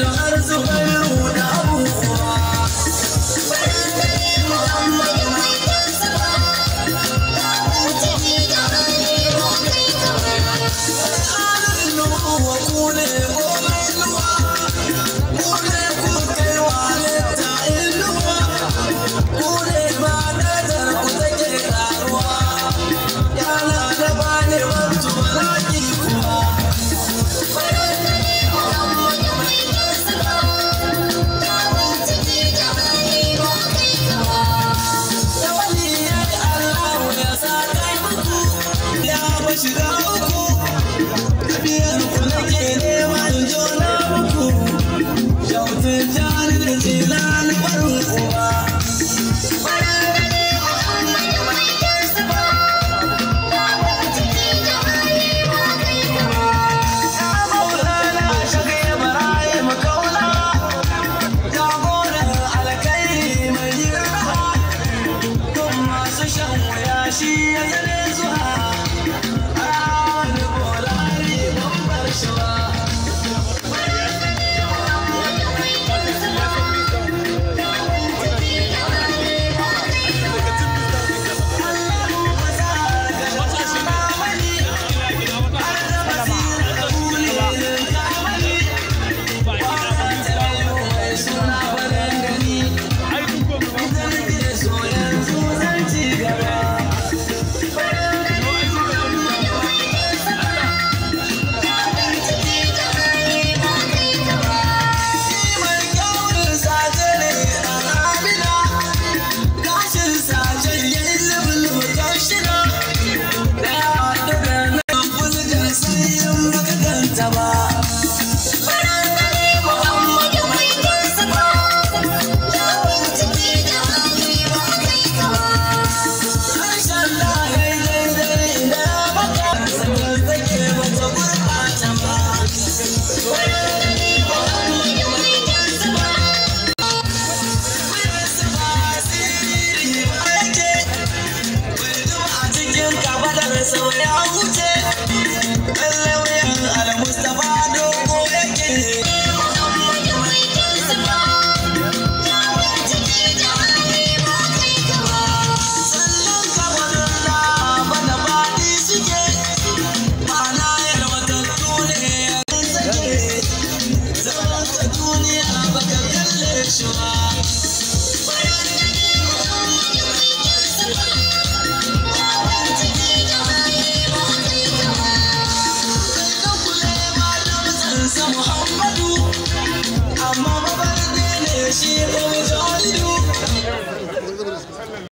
da arzubaru da abubuwa Oh, Milan